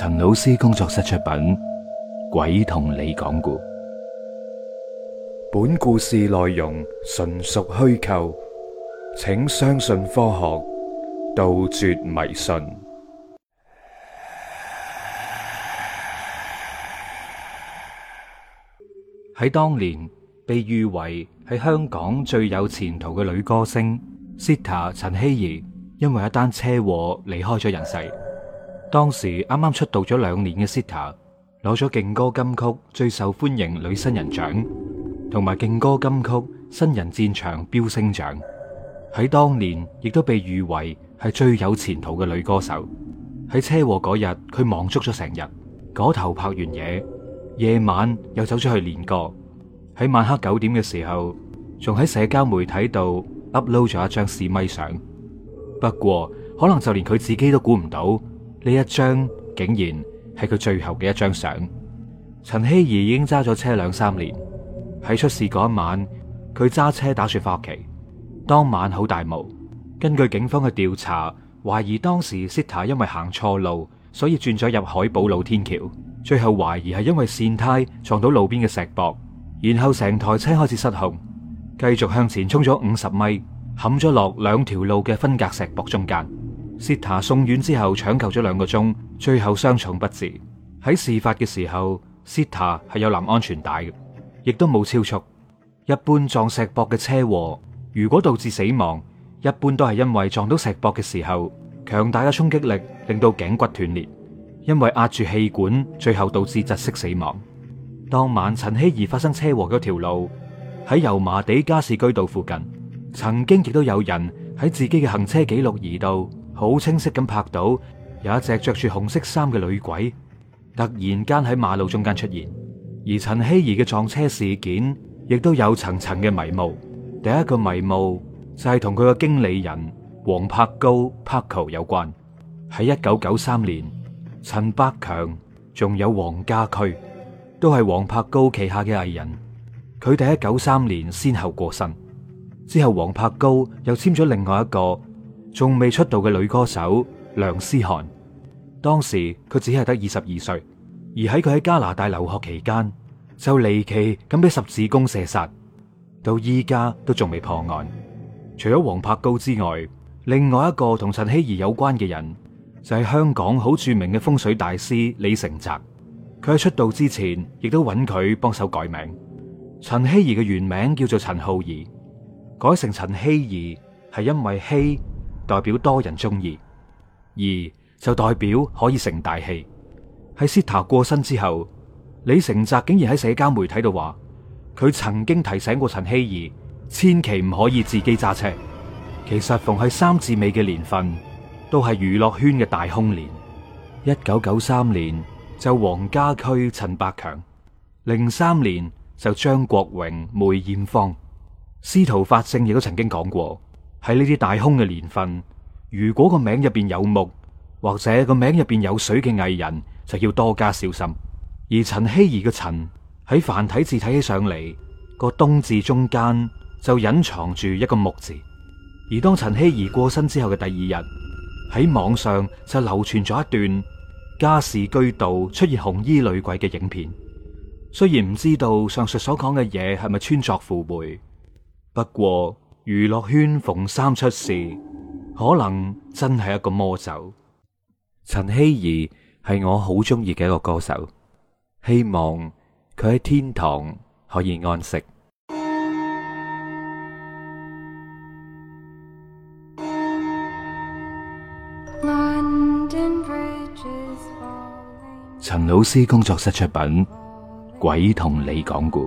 陳老師工作室出品《鬼同你講故》，本故事內容純屬虛構，請相信科學，杜絕迷信。喺 當年，被譽為係香港最有前途嘅女歌星 Sita 陳 希怡，因為一單車禍離開咗人世。當時啱啱出道咗兩年嘅 Sita 攞咗勁歌金曲最受歡迎女新人獎，同埋勁歌金曲新人戰場飆升獎。喺當年亦都被譽為係最有前途嘅女歌手。喺車禍嗰日，佢忙足咗成日，嗰頭拍完嘢，夜晚又走出去練歌。喺晚黑九點嘅時候，仲喺社交媒體度 upload 咗一張試咪相。不過可能就連佢自己都估唔到。呢一張竟然係佢最後嘅一張相。陳希怡已經揸咗車兩三年，喺出事嗰晚，佢揸車打算翻屋企。當晚好大霧，根據警方嘅調查，懷疑當時 Sita 因為行錯路，所以轉咗入海寶路天橋。最後懷疑係因為線胎撞到路邊嘅石駁，然後成台車開始失控，繼續向前衝咗五十米，冚咗落兩條路嘅分隔石駁中間。Sita 送院之後搶救咗兩個鐘，最後傷重不治。喺事發嘅時候，Sita 係有繫安全帶嘅，亦都冇超速。一般撞石壆嘅車禍，如果導致死亡，一般都係因為撞到石壆嘅時候，強大嘅衝擊力令到頸骨斷裂，因為壓住氣管，最後導致窒息死亡。當晚陳希怡發生車禍嗰條路喺油麻地加士居道附近，曾經亦都有人喺自己嘅行車記錄儀度。好清晰咁拍到，有一隻着住紅色衫嘅女鬼，突然間喺馬路中間出現。而陳僖儀嘅撞車事件亦都有層層嘅迷霧。第一個迷霧就係同佢嘅經理人黃柏高 Paco 有關。喺一九九三年，陳百強仲有黃家駒都係黃柏高旗下嘅藝人。佢哋喺九三年先後過身，之後黃柏高又簽咗另外一個。仲未出道嘅女歌手梁思涵，當時佢只係得二十二歲，而喺佢喺加拿大留學期間就離奇咁俾十字弓射殺，到依家都仲未破案。除咗黃柏高之外，另外一個同陳希怡有關嘅人就係香港好著名嘅風水大師李成澤，佢喺出道之前亦都揾佢幫手改名。陳希怡嘅原名叫做陳浩儀，改成陳希怡係因為希。代表多人中意，而就代表可以成大器。喺 Sita 過身之後，李成澤竟然喺社交媒體度話，佢曾經提醒過陳僖儀，千祈唔可以自己揸車。其實逢係三字尾嘅年份，都係娛樂圈嘅大空年。一九九三年就黃家駒、陳百強，零三年就張國榮、梅艷芳。司徒法正亦都曾經講過。喺呢啲大空嘅年份，如果個名入邊有木或者個名入邊有水嘅藝人，就要多加小心。而陳希儀嘅陳喺繁體字睇起上嚟，個冬字中間就隱藏住一個木字。而當陳希儀過身之後嘅第二日，喺網上就流傳咗一段加士居道出現紅衣女鬼嘅影片。雖然唔知道上述所講嘅嘢係咪穿鑿附會，不過。娛樂圈逢三出事，可能真係一個魔咒。陳希怡係我好中意嘅一個歌手，希望佢喺天堂可以安息。陳老師工作室出品，《鬼同你講故》。